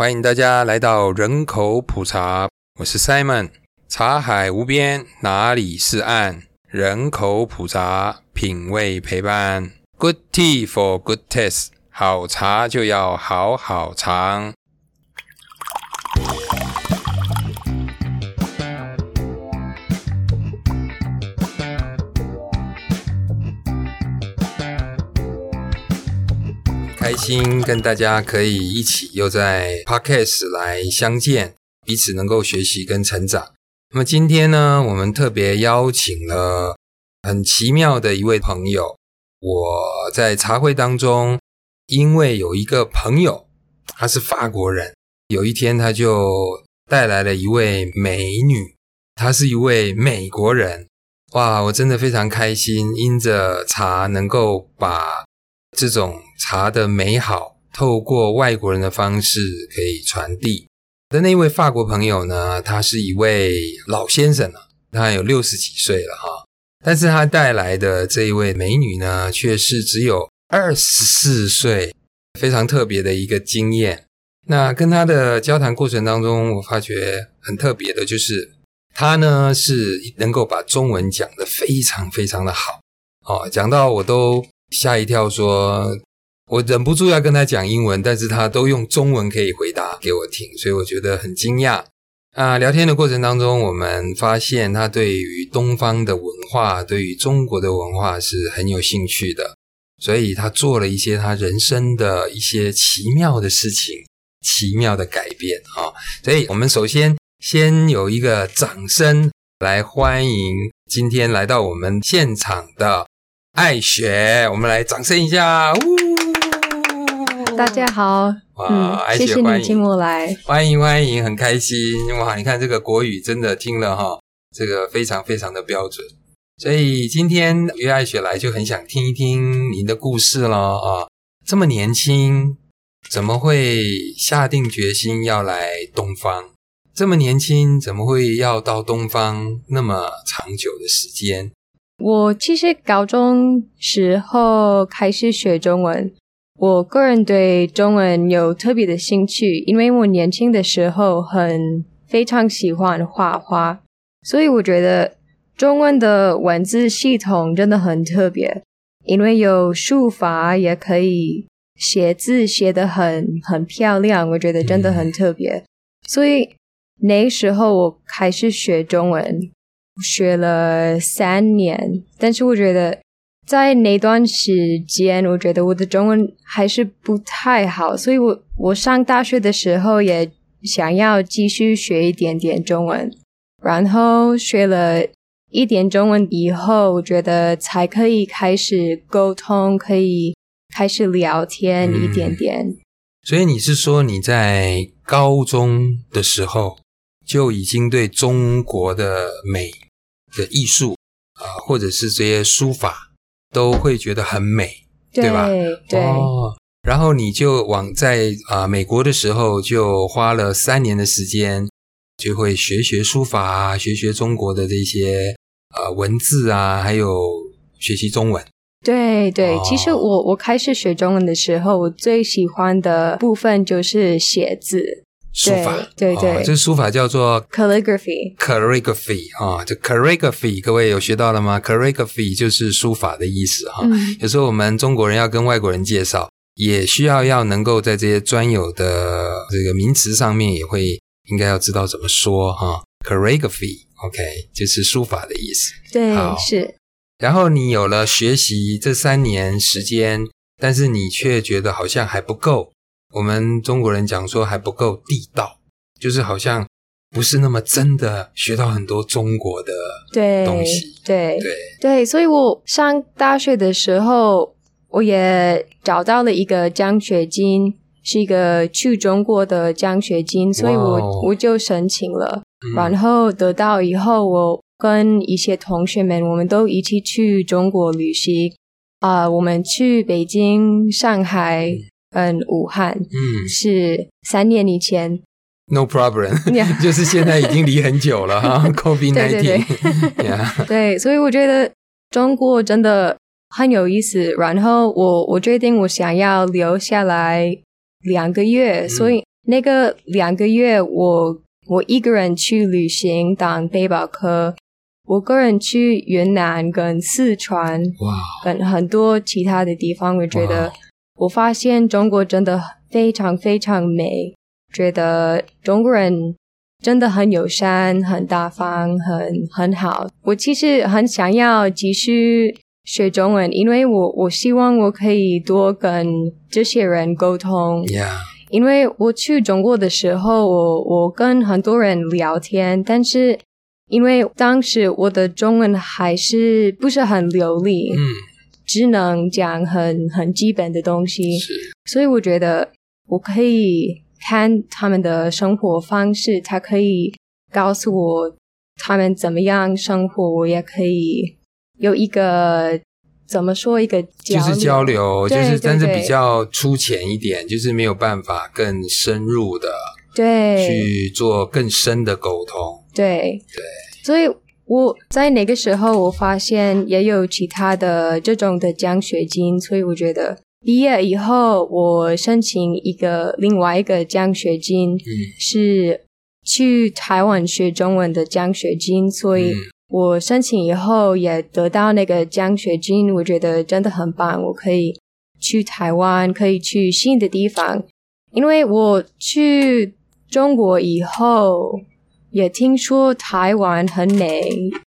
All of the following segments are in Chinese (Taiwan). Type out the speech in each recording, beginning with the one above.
歡迎大家來到人口普茶，我是 Simon。茶海無邊，哪裡是岸？人口普茶，品味陪伴。Good tea for good taste，好茶就要好好嘗。心跟大家可以一起又在 Podcast 來相見，彼此能夠學習跟成長。那麼今天呢，我們特別邀請了很奇妙的一位朋友。我在茶會當中，因為有一個朋友他是法國人，有一天他就帶來了一位美女，她是一位美國人。哇，我真的非常開心，因着茶能夠把。這種茶的美好，透過外國人的方式可以傳遞。我的那位法國朋友呢，他是一位老先生了，他有六十幾歲了哈。但是他帶來的這一位美女呢，卻是只有二十四歲，非常特別的一個經驗。那跟他的交談過程當中，我發覺很特別的，就是他呢是能夠把中文講得非常非常的好哦，講到我都。嚇一跳說，說我忍不住要跟他講英文，但是他都用中文可以回答給我聽，所以我覺得很驚訝啊、呃。聊天的過程當中，我們發現他對於東方的文化，對於中國的文化是很有興趣的，所以他做了一些他人生的一些奇妙的事情，奇妙的改變啊、哦。所以，我們首先先有一個掌聲來歡迎今天來到我們現場的。愛雪，我們來掌聲一下！嗚！大家好，哇，謝謝您請我來，歡迎歡迎，很開心哇！你看這個國語真的聽了哈、哦，這個非常非常的標準，所以今天約愛雪來就很想聽一聽您的故事了啊、哦！這麼年輕，怎麼會下定決心要來東方？這麼年輕，怎麼會要到東方那麼長久的時間？我其實高中時候開始學中文，我個人對中文有特別的興趣，因為我年輕的時候很非常喜歡畫畫，所以我覺得中文的文字系統真的很特別，因為有書法也可以寫字寫得很很漂亮，我覺得真的很特別，所以那時候我開始學中文。學了三年，但是我覺得在那段時間，我覺得我的中文還是不太好，所以我我上大學的時候也想要繼續學一點點中文。然後學了一點中文以後，我覺得才可以開始溝通，可以開始聊天一點點。嗯，所以你是說你在高中的時候就已經對中國的美？的藝術啊，或者是這些書法，都會覺得很美，對，對吧？對。哦。然後你就往在啊、呃、美國的時候，就花了三年的時間，就會學學書法啊，學學中國的這些啊、呃、文字啊，還有學習中文。對對，對哦、其實我我開始學中文的時候，我最喜歡的部分就是寫字。書法，對對，這、哦、書法叫做 calligraphy，calligraphy 啊、哦，這 calligraphy，各位有學到了嗎？calligraphy 就是書法的意思哈。哦嗯、有時候我們中國人要跟外國人介紹，也需要要能夠在這些專有的這個名詞上面，也會應該要知道怎麼說哈。哦、calligraphy，OK，、okay, 就是書法的意思。對，好，是。然後你有了學習這三年時間，但是你卻覺得好像還不夠。我們中國人講說還不夠地道，就是好像不是那麼真的學到很多中國的對東西，對對對、對。所以我上大學的時候，我也找到了一個獎學金，是一個去中國的獎學金，所以我、哦、我就申請了，嗯、然後得到以後，我跟一些同學們，我們都一起去中國旅行啊、呃，我們去北京、上海。嗯嗯，武漢，嗯，是三年以前。No problem，Yeah. 就是現在已經離很久了哈。 COVID-19，對，所以我覺得中國真的很有意思。然後我我決定我想要留下來兩個月，所以那個兩個月我我一個人去旅行當背包客，我個人去雲南跟四川，哇，Wow. 跟很多其他的地方，我覺得。Wow. 我發現中國真的非常非常美，覺得中國人真的很友善、很大方、很很好。我其實很想要繼續學中文，因為我我希望我可以多跟這些人溝通。Yeah. 因為我去中國的時候，我我跟很多人聊天，但是因為當時我的中文還是不是很流利。Mm. 只能講很很基本的東西，是所以我覺得我可以看他們的生活方式，他可以告訴我他們怎麼樣生活，我也可以有一個怎麼說一個交流就是交流，對就是但是比較粗淺一點，對對就是沒有辦法更深入的對去做更深的溝通對對，對對所以。我在那個時候，我發現也有其他的這種的獎學金，所以我覺得畢業以後我申請一個另外一個獎學金，嗯、是去台灣學中文的獎學金。所以，我申請以後也得到那個獎學金，我覺得真的很棒。我可以去台灣，可以去新的地方，因為我去中國以後。也聽說台灣很美，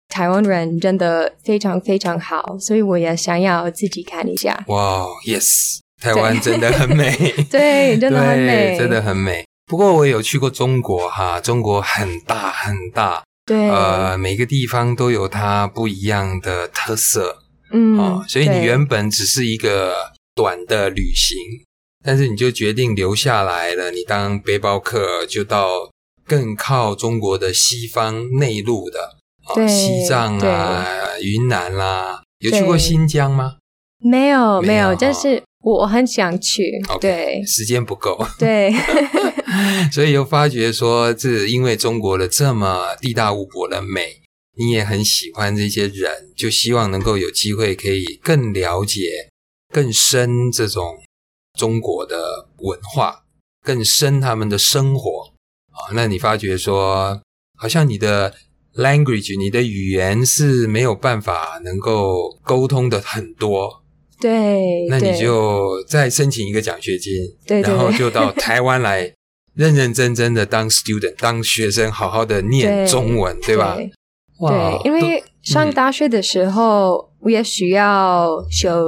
台灣人真的非常非常好，所以我也想要自己看一下。哇，Yes，台灣真的很美。對， 對，真的很美，真的很美。不過我有去過中國哈，中國很大很大，對，呃，每個地方都有它不一樣的特色。嗯，啊，所以你原本只是一個短的旅行，對但是你就決定留下來了，你當背包客就到。更靠中國的西方內陸的，對、哦、西藏啊、對雲南啦、啊，有去過新疆嗎？沒有，沒有，但有是、哦、我很想去。Okay, 對，時間不夠。 對， 所以又發覺說，是因為中國的這麼地大物博的美，你也很喜歡這些人，就希望能夠有機會可以更了解、更深這種中國的文化，更深他們的生活。哦、那你發覺說，好像你的 language 你的語言是沒有辦法能夠溝通的很多，對，那你就再申請一個獎學金，對，對，然後就到臺灣來，認認真真的當 student 當學生，好好的念中文，對，對吧？對，哇對，因為上大學的時候、嗯、我也需要修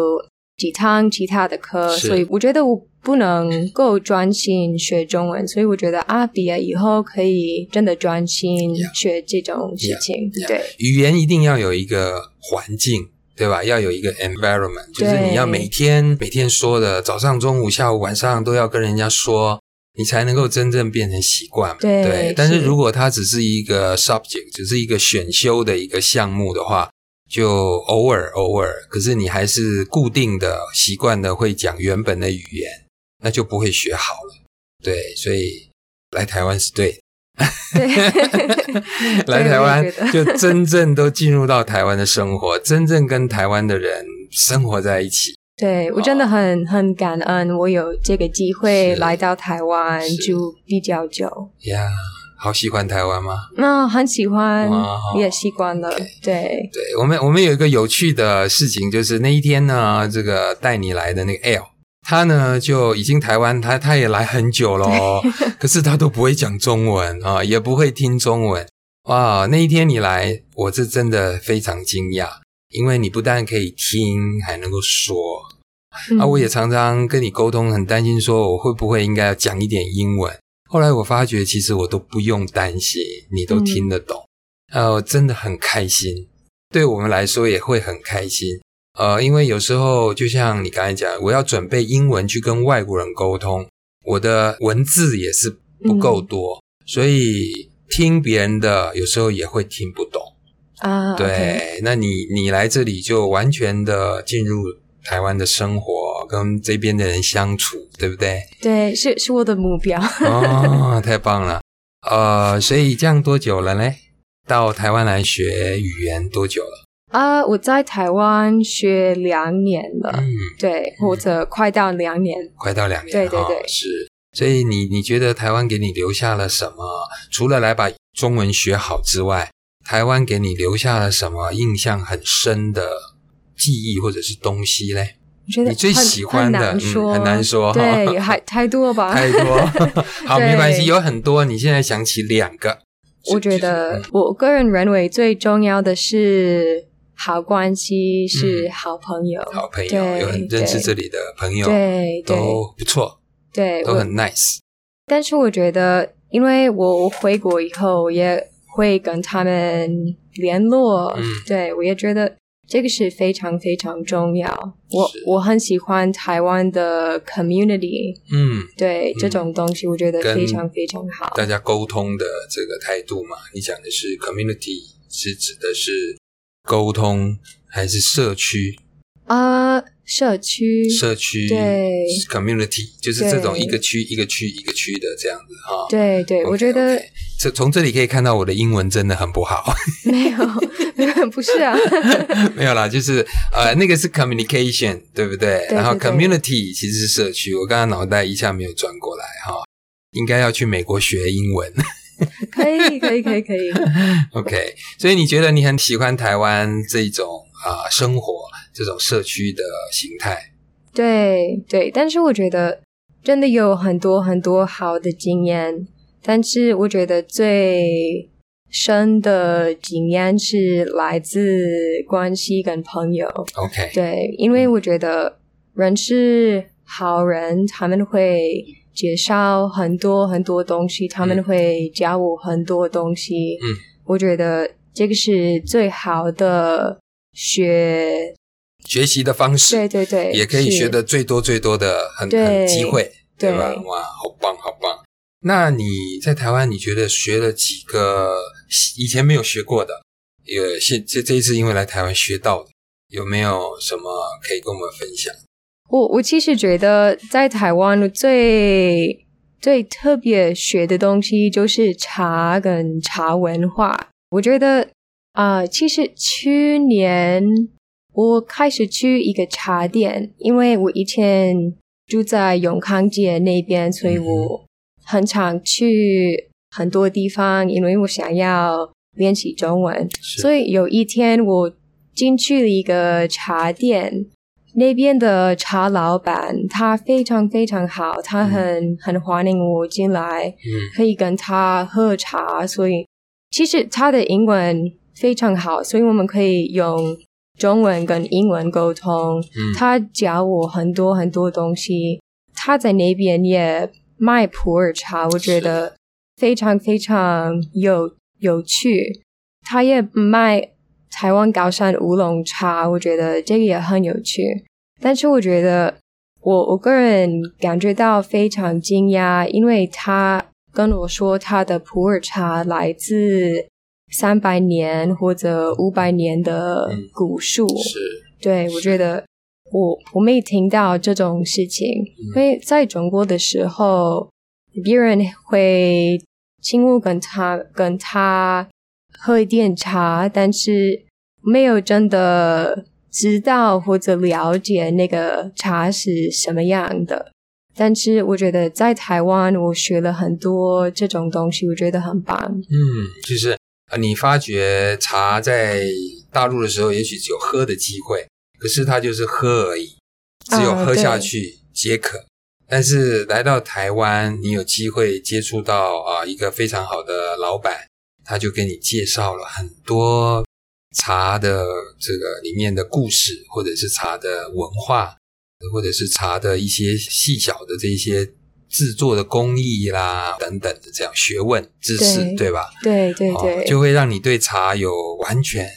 幾堂其他的課，是所以我覺得我。不能夠專心學中文，所以我覺得阿比啊以後可以真的專心學這種事情，yeah, yeah, yeah, 對，語言一定要有一個環境，對吧？要有一個 environment，對，就是你要每天每天說的，早上、中午、下午、晚上都要跟人家說，你才能夠真正變成習慣，對。對，是。但是如果它只是一個 subject，只是一個選修的一個項目的話，就偶爾偶爾，可是你還是固定的，習慣的會講原本的語言。那就不會學好了，對，所以來台灣是對的，對 來台灣就真正都進入到台灣的生活，對 真正跟台灣的人生活在一起。對，我真的很很感恩，我有這個機會來到台灣住比較久。呀，yeah, 好喜歡台灣嗎？那、oh, 很喜歡，oh, 也習慣了。okay. 對，對我們我們有一個有趣的事情，就是那一天呢，這個帶你來的那個 L 他呢，就已經台灣，他他也來很久咯，哦，對 可是他都不會講中文啊，也不會聽中文。哇，那一天你來，我是真的非常驚訝，因為你不但可以聽，還能夠說。嗯、啊，我也常常跟你溝通，很擔心說我會不會應該要講一點英文。後來我發覺，其實我都不用擔心，你都聽得懂。呃、嗯，啊、我真的很開心，對我們來說也會很開心。呃，因為有時候就像你剛才講，我要準備英文去跟外國人溝通，我的文字也是不夠多，嗯、所以聽別人的有時候也會聽不懂啊。對，okay 那你你來這裡就完全的進入台灣的生活，跟這邊的人相處，對不對？對，是是我的目標。 哦，太棒了。呃，所以這樣多久了呢？到台灣來學語言多久了？啊，我在台灣學兩年了，對，或者快到兩年，快到兩年了，對對對，是。所以你你覺得台灣給你留下了什麼？除了來把中文學好之外，台灣給你留下了什麼印象很深的記憶或者是東西嘞？覺得你最喜歡的很難說，對，太太多吧，太多。好，沒關係，有很多。你現在想起兩個，我覺得我個人認為最重要的是。好關係是好朋友，好朋友有很認識這裡的朋友，對，都不錯，對，都很 nice。但是我覺得，因為我我回國以後也會跟他們聯絡，嗯，對，我也覺得這個是非常非常重要。我我很喜歡台灣的 community，嗯，對，這種東西，我覺得非常非常好。大家溝通的這個態度嘛，你講的是 community，是指的是。溝通還是社區啊？Uh, 社區，社區對，community 就是這種一個區一個區一個區的這樣子哈。對對，okay, 我覺得從從、okay. 這，這裡可以看到我的英文真的很不好。 沒有，沒有，不是啊， 沒有啦，就是呃，那個是 communication 對不對？對對對，然後 community 其實是社區，我剛剛腦袋一下沒有轉過來哈、哦，應該要去美國學英文。 可以，可以，可以，可以。OK，所以你覺得你很喜歡台灣這種啊、呃、生活，這種社區的形態？對，對。但是我覺得真的有很多很多好的經驗，但是我覺得最深的經驗是來自關係跟朋友。OK，對，因為我覺得人是好人，他們會。介紹很多很多東西，他們會教我很多東西。嗯，我覺得這個是最好的學學習的方式。對對對，也可以學得最多最多的很對很機會，對，對吧？對。哇，好棒好棒！那你在台灣，你覺得學了幾個以前沒有學過的？有現這這一次因為來台灣學到的，有沒有什麼可以跟我們分享？我我其實覺得在台灣，我最最特別學的東西就是茶跟茶文化。我覺得啊、呃，其實去年我開始去一個茶店，因為我以前住在永康街那邊，所以我很常去很多地方，因為我想要練習中文。是所以有一天我進去了一個茶店。那邊的茶老闆他非常非常好，他很、嗯、很歡迎我進來，嗯、可以跟他喝茶。所以其實他的英文非常好，所以我們可以用中文跟英文溝通。嗯、他教我很多很多東西，他在那邊也賣普洱茶，我覺得非常非常有有趣。他也賣。台灣高山烏龍茶，我覺得這個也很有趣。但是我覺得我我個人感覺到非常驚訝，因為他跟我說他的普洱茶來自三百年或者五百年的古樹，嗯。是，對是我覺得我我沒聽到這種事情。嗯、因為在中國的時候，別人會請我跟他跟他。跟他喝一點茶，但是沒有真的知道或者了解那個茶是什麼樣的。但是我覺得在台灣，我學了很多這種東西，我覺得很棒。嗯，就是、呃、你發覺茶在大陸的時候，也許只有喝的機會，可是它就是喝而已，只有喝下去解渴。啊、但是來到台灣，你有機會接觸到啊、呃，一個非常好的老闆。他就給你介紹了很多茶的這個裡面的故事，或者是茶的文化，或者是茶的一些細小的這些製作的工藝啦等等的這樣學問知識，對，對吧？對對對，哦，就會讓你對茶有完全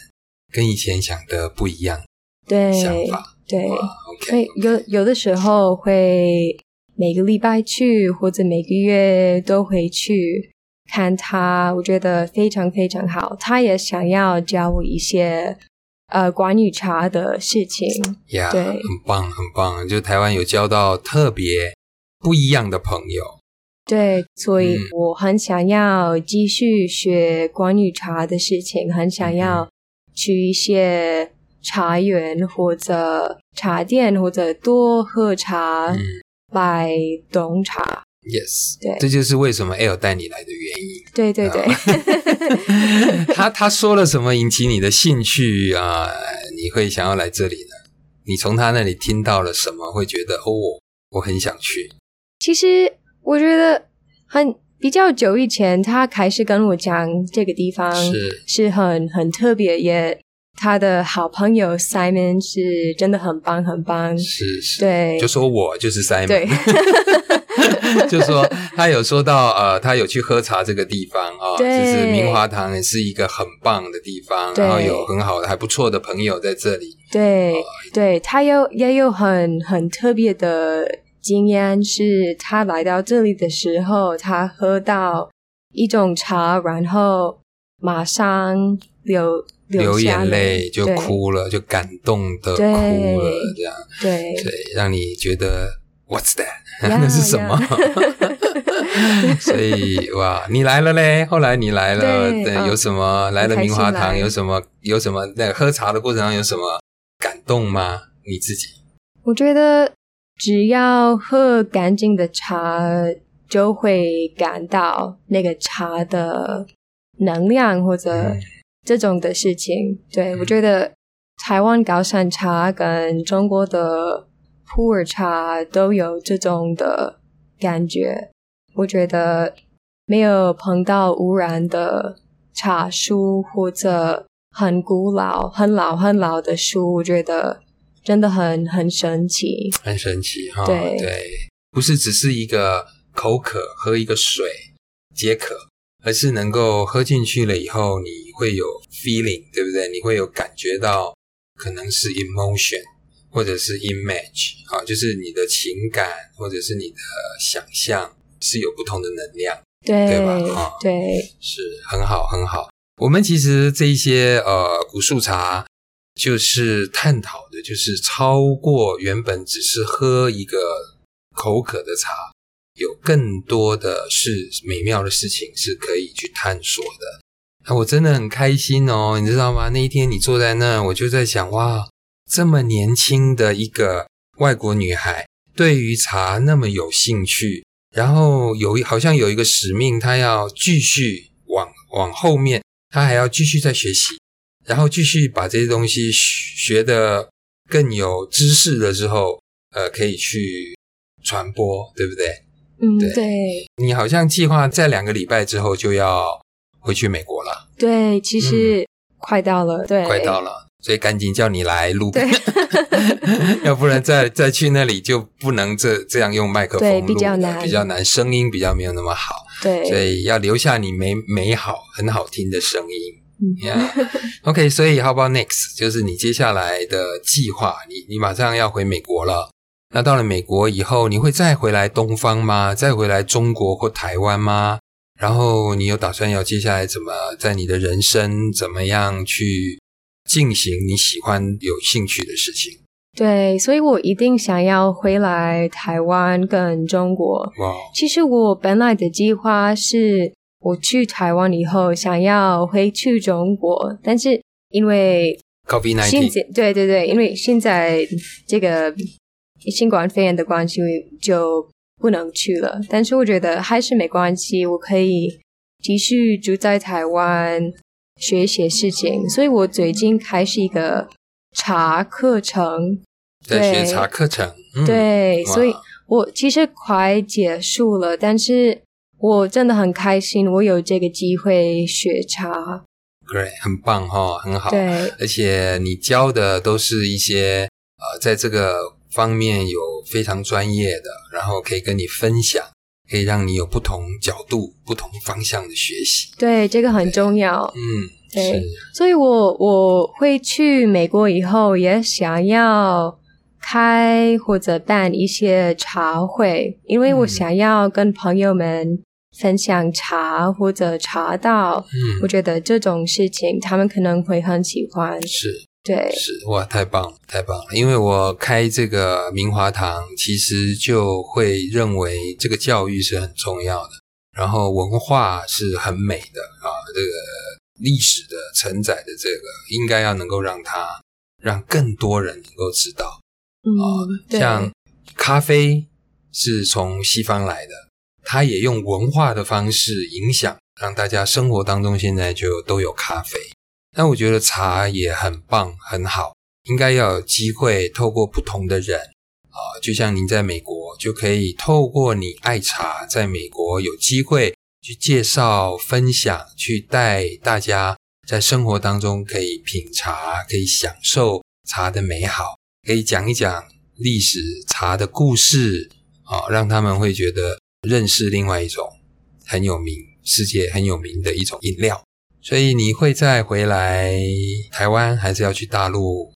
跟以前想的不一樣的想法對，對想法對。OK，okay。有有的時候會每個禮拜去，或者每個月都回去。看他，我覺得非常非常好。他也想要教我一些，呃，關於茶的事情。Yeah, 對，很棒，很棒。就台灣有交到特別不一樣的朋友。對，所以我很想要繼續學關於茶的事情，很想要去一些茶園或者茶店或者多喝茶來、嗯、懂茶。Yes，對，這就是為什麼 L 帶你來的原因。對對對，他他說了什麼引起你的興趣啊？你會想要來這裡呢？你從他那裡聽到了什麼，會覺得哦，我很想去。其實我覺得很比較久以前，他開始跟我講這個地方是很是很很特別也。他的好朋友 Simon 是真的很棒，很棒，是是，是對，就說我就是 Simon，對， 就說他有說到呃，他有去喝茶這個地方啊，就、哦、對是，是茗華堂是一個很棒的地方，對然後有很好的、還不錯的朋友在這裡，對、呃、對，他有也有很很特別的經驗，是他來到這裡的時候，他喝到一種茶，然後馬上有。流眼淚就哭了，就感動的哭了，這樣對，讓你覺得 What's that？那是什麼？所以哇，你來了嘞！後來你來了，對，有什麼來了？茗華堂有什麼？有什麼？那喝茶的過程中有什麼感動嗎？你自己？我覺得只要喝乾淨的茶，就會感到那個茶的能量或者。這種的事情，對、嗯、我覺得台灣高山茶跟中國的普洱茶都有這種的感覺。我覺得沒有碰到汙染的茶樹，或者很古老、很老、很老的樹，我覺得真的很很神奇，很神奇哈、哦。對對，不是只是一個口渴喝一個水解渴。而是能夠喝進去了以後，你會有 feeling，對不對？你會有感覺到，可能是 emotion，或者是 image，啊，就是你的情感或者是你的想象是有不同的能量，對對吧？啊，對，是很好很好。我們其實這一些呃古樹茶，就是探討的，就是超過原本只是喝一個口渴的茶。有更多的是美妙的事情是可以去探索的，啊，我真的很開心哦，你知道嗎？那一天你坐在那，我就在想，哇，這麼年輕的一個外國女孩，對於茶那麼有興趣，然後有一好像有一個使命，她要繼續往往後面，她還要繼續再學習，然後繼續把這些東西學得更有知識了之後，呃，可以去傳播，對不對？嗯，對，你好像計劃在兩個禮拜之後就要回去美國了。對，其實快到了，對，快到了，所以趕緊叫你來錄，要不然再再去那裡就不能這這樣用麥克風，對，比較難，比較難，聲音比較沒有那麼好。對，所以要留下你美美好很好聽的聲音。嗯，Yeah。OK，所以 How about next？就是你接下來的計劃，你你馬上要回美國了。那到了美國以後，你會再回來東方嗎？再回來中國或台灣嗎？然後你有打算要接下來怎麼在你的人生怎麼樣去進行你喜歡、有興趣的事情？對，所以我一定想要回來台灣跟中國。哇！Wow. 其實我本來的計劃是，我去台灣以後想要回去中國，但是因為現在，COVID-19，對對對，因為現在這個。新冠肺炎的關係就不能去了，但是我覺得還是沒關係，我可以繼續住在台灣學一些事情。所以我最近開始一個茶課程，對，在學茶課程，嗯、對，哇所以我其實快結束了，但是我真的很開心，我有這個機會學茶，對，Great，很棒哈、哦，很好，對，而且你教的都是一些呃，在這個。方面有非常專業的，然後可以跟你分享，可以讓你有不同角度、不同方向的學習。對，這個很重要。對嗯，對。是所以我，我我會去美國以後，也想要開或者辦一些茶會，因為我想要跟朋友們分享茶或者茶道。嗯，我覺得這種事情他們可能會很喜歡。是。對，是哇，太棒了，太棒了！因為我開這個茗華堂，其實就會認為這個教育是很重要的，然後文化是很美的啊，這個歷史的承載的這個，應該要能夠讓它讓更多人能夠知道、嗯、啊，對像咖啡是從西方來的，它也用文化的方式影響，讓大家生活當中現在就都有咖啡。那我覺得茶也很棒，很好，應該要有機會透過不同的人，啊，就像您在美國，就可以透過你愛茶，在美國有機會去介紹、分享、去帶大家在生活當中可以品茶、可以享受茶的美好，可以講一講歷史茶的故事，啊，讓他們會覺得認識另外一種很有名、世界很有名的一種飲料。所以你會再回來台灣，還是要去大陸？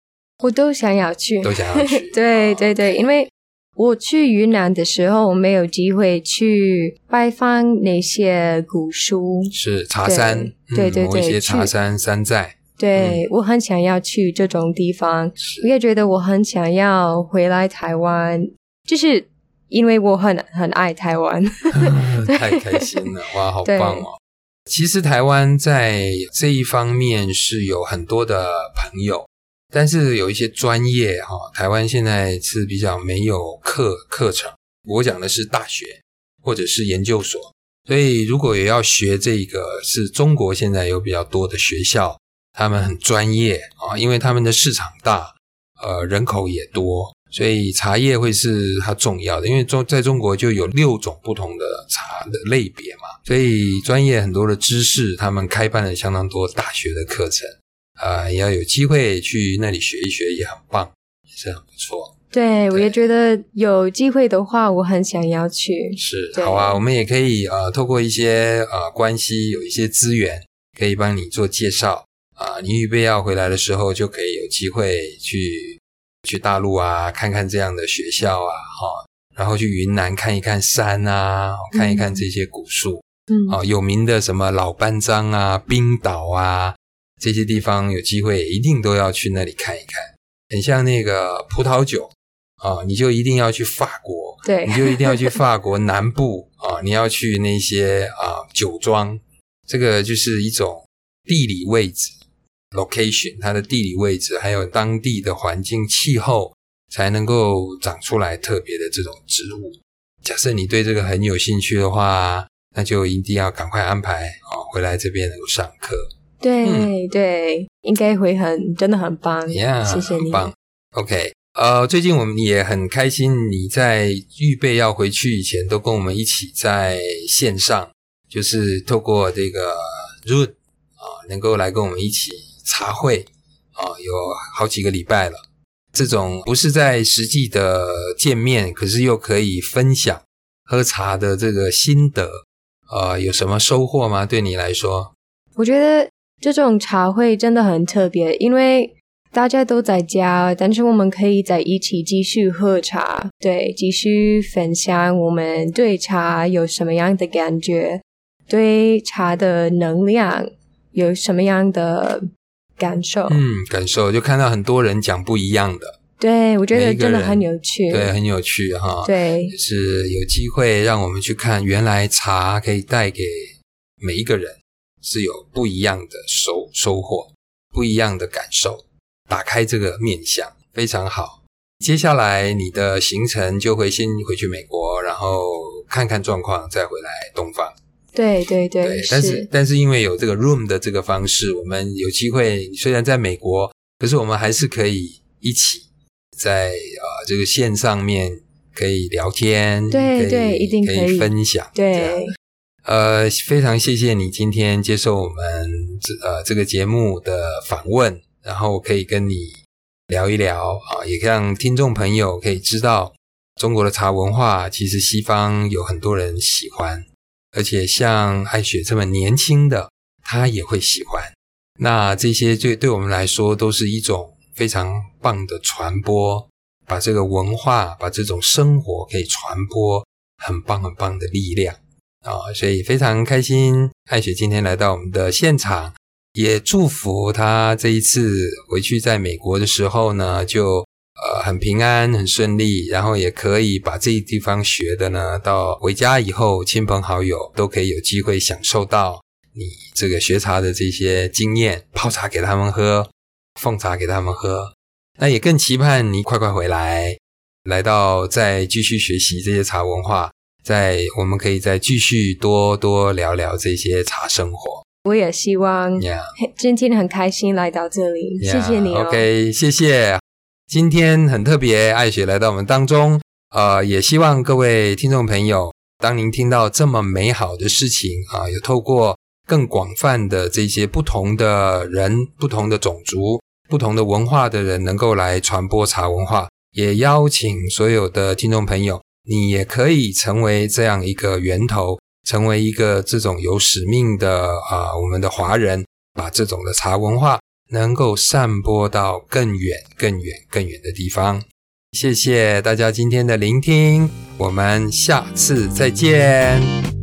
我都想要去，都想要去。對對對，因為我去雲南的時候，我沒有機會去拜訪那些古樹，是茶山，對對對，某一些茶山山寨。對，我很想要去這種地方。我也覺得我很想要回來台灣，就是因為我很很愛台灣。太開心了！哇，好棒哦。其實台灣在這一方面是有很多的朋友，但是有一些專業哈，台灣現在是比較沒有課課程。我講的是大學或者是研究所，所以如果也要學這個，是中國現在有比較多的學校，他們很專業啊，因為他們的市場大，呃，人口也多。所以茶葉會是很重要的，因為中在中國就有六種不同的茶的類別嘛，所以專業很多的知識，他們開辦了相當多大學的課程，啊、呃，也要有機會去那裡學一學也很棒，也是很不錯。對，對我也覺得有機會的話，我很想要去。是，對好啊，我們也可以啊、呃，透過一些呃關係，有一些資源可以幫你做介紹啊、呃，你預備要回來的時候，就可以有機會去。去大陸啊，看看這樣的學校啊，哈、哦，然後去雲南看一看山啊，嗯、看一看這些古樹，嗯，哦，有名的什麼老班章啊、冰島啊，這些地方有機會一定都要去那裡看一看。很像那個葡萄酒啊、哦，你就一定要去法國，對，你就一定要去法國南部啊、 哦，你要去那些啊、呃、酒莊，這個就是一種地理位置。location，它的地理位置還有當地的環境氣候才能夠長出來特別的這種植物。假設你對這個很有興趣的話，那就一定要趕快安排哦，回來這邊能夠上課。對、嗯、對，應該會很，真的很棒。Yeah, 謝謝你，很棒。OK，呃，最近我們也很開心，你在預備要回去以前，都跟我們一起在線上，就是透過這個 Zoom 啊，能夠來跟我們一起。茶會啊，哦，有好幾個禮拜了。這種不是在實際的見面，可是，又可以分享喝茶的這個心得啊，呃，有什麼收穫嗎？對你來說。我覺得這種茶會真的很特別，因為大家都在家，但是我們可以在一起繼續喝茶，對，繼續分享我們對茶有什麼樣的感覺，對茶的能量有什麼樣的。感受，嗯，感受，就看到很多人講不一樣的，對，我覺得真的很有趣，對，很有趣哈，對，就是有機會讓我們去看，原來茶可以帶給每一個人是有不一樣的收收穫，不一樣的感受，打開這個面向非常好。接下來你的行程就會先回去美國，然後看看狀況，再回來東方。對對對，對，但是，是但是因為有這個 room 的這個方式，我們有機會雖然在美國，可是我們還是可以一起在，呃，這個線上面可以聊天，對，可以，對，一定可以，可以分享。對，呃，非常謝謝你今天接受我們這呃這個節目的訪問，然後可以跟你聊一聊啊，也讓聽眾朋友可以知道中國的茶文化，其實西方有很多人喜歡。而且像愛雪這麼年輕的，她也會喜歡。那這些對對我們來說，都是一種非常棒的傳播，把這個文化、把這種生活可以傳播，很棒很棒的力量啊、哦！所以非常開心，愛雪今天來到我們的現場，也祝福她這一次回去在美國的時候呢，就。呃，很平安，很順利，然後也可以把這些地方學的呢，到回家以後，親朋好友都可以有機會享受到你這個學茶的這些經驗，泡茶給他們喝，奉茶給他們喝。那也更期盼你快快回來，來到再繼續學習這些茶文化，再我們可以再繼續多多聊聊這些茶生活。我也希望，你今天很開心來到這裡，yeah, 謝謝你哦，OK，謝謝。今天很特別，愛雪來到我們當中啊、呃，也希望各位聽眾朋友，當您聽到這麼美好的事情啊，有透過更廣泛的這些不同的人、不同的種族、不同的文化的人，能夠來傳播茶文化，也邀請所有的聽眾朋友，你也可以成為這樣一個源頭，成為一個這種有使命的啊，我們的華人，把這種的茶文化。能夠散播到更遠、更遠、更遠的地方。謝謝大家今天的聆聽，我們下次再見。